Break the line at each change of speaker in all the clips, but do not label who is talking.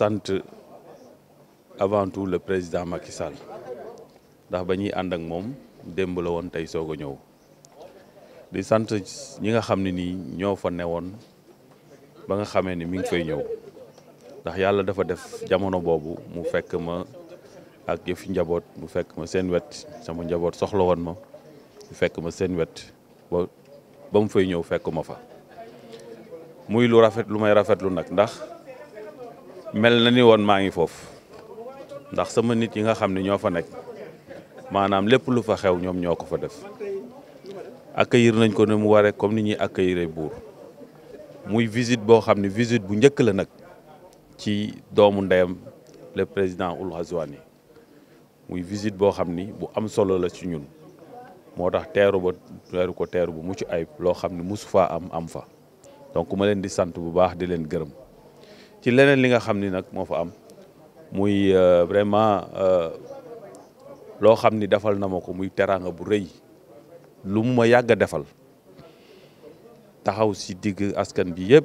sant avant tout le président Macky Sall ndax ba ñuy ànd ak moom démb la woon tey soog a ñëw di sant ñi nga xam ne nii ñoo fa newoon ba nga xamee ni mi ngi fay ñëw ndax yàlla dafa def jamono boobu mu fekk ma ak yëfi njaboot mu fekk ma seen wet sama njaboot soxla woon ma mu fekk ma seen wet ba mu fay ñëw fekk ma fa muy lu rafet lu may rafetlu nag ndax. mel na ni woon maa ngi foofu ndax sama nit yi nga xam ni ñoo fa nekk maanaam lépp lu fa xew ñoom ñoo ko fa def accueillir nañ ko ni mu waree comme ni ñuy accueillir buur muy visite boo xam ne visite bu njëkk la nag ci doomu ndeyam le président Ould Ghazouani muy visite boo xam ni bu am solo la ci ñun moo tax teeru ba teeru ko teeru bu mucc ayib loo xam ne mosu faa am am fa donc ma leen di sant bu baax di leen gërëm. ci leneen li nga xamni nak mo fa am muy euh, vraiment euh, loo xam defal na ma muy teranga bu reuy lu mu ma defal taxaw ci dig askan bi yeb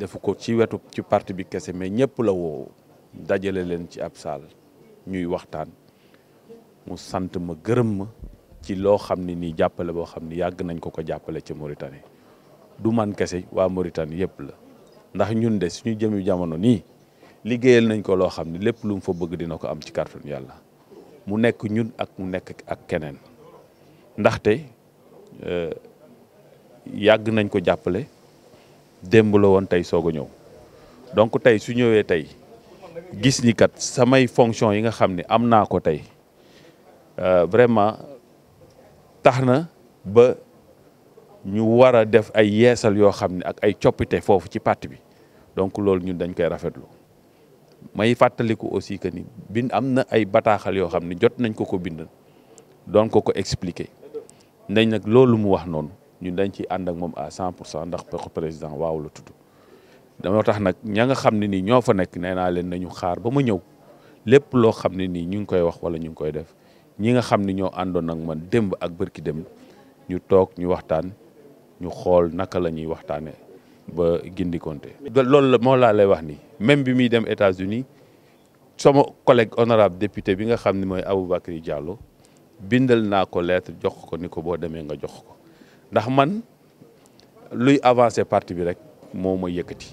defu ko ci wetu ci parti bi kese mais ñepp la wo dajale len ci ab sal ñuy waxtaan mu sante ma gërem ma ci lo xamni ni jappale bo xamni xam nañ ko ko jappale ci Mauritanie du man kesse wa Mauritanie yeb ndax ñun de suñu jëmi jamono nii liggéeyal nañ ko loo xam ne lépp lu mu bëgg dina ko am ci kàttanu yàlla mu nekk ñun ak mu nekk ak keneen ndaxte euh, yàgg nañ ko jàppale démb woon tey soog a ñëw donc tey su ñëwee tey gis ni kat samay fonction yi nga xam ne am naa ko tey euh, vraiment tax na ba ñu war a def ay yeesal yoo xam ne ak ay coppite foofu ci parti bi donc loolu ñun dañ koy rafetlu may fàttaliku aussi que ni bind am na ay bataaxal yoo xam ne jot nañ ko ko bind doon ko ko expliquer nañ nag loolu mu wax noonu ñun dañ ciy ànd ak moom à 100 pour cent ndax président waaw la tudd dama tax nag ña nga xam ne nii ñoo fa nekk nee naa leen ñu xaar ba ma ñëw lépp loo xam ne nii ñu ngi koy wax wala ñu ngi koy def ñi nga xam ne ñoo àndoon ak man démb ak bërki démb ñu toog ñu waxtaan ñu xool naka la ñuy waxtaane ba gindi konté loolu la moo laa lay wax ni même bi muy dem États-Unis sama collègue honorable député bi nga xam ni mooy Aboubacry Diallo bindal naa ko lettre jox ko ni ko boo demee nga jox ko ndax man luy avancer partie bi rek moo ma yëkkati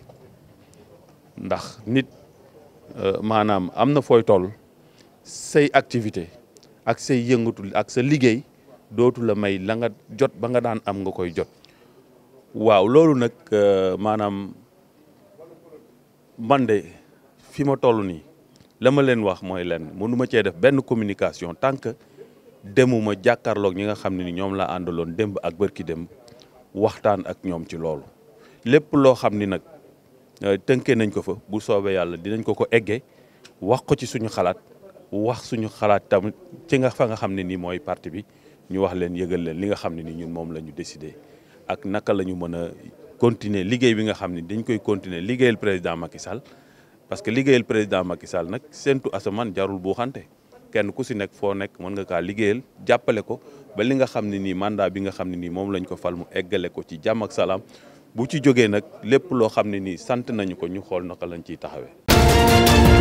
ndax nit euh, maanaam am na fooy tool say activité ak say yëngatul ak sa liggéey dootul a may la nga jot ba nga daan am nga koy jot waaw loolu nag euh, maanaam man de fi ma toll nii la ma leen wax mooy lenn mënuma cee def benn communication tant que demuma jàkkaarloog ñi nga xam ne ni ñoom laa àndaloon démb ak bërki démb waxtaan ak ñoom ci loolu lépp loo xam ni nag euh, tënkee nañ ko fa bu soobee yàlla dinañ ko ko eggee wax ko ci suñu xalaat wax suñu xalaat tamit ci nga fa nga xam ne nii mooy parti bi ñu wax leen yëgal leen li nga xam ne ni ñun moom la ñu décidé ak naka la ñu mën a continuer liggéey bi nga xam ne dañ koy continuer liggéeyal président Macky Sall parce que liggéeyal président Macky Sall nag séntu asamaan jarul buuxante kenn ku si nekk foo nekk mën nga kaa liggéeyal jàppale ko ba li nga xam ne nii mandaa bi nga xam ne nii moom lañ ko fal mu eggale ko ci jàmm ak salaam bu ci jógee nag lépp loo xam ne nii sant nañu ko ñu xool naka lañ ciy taxawee.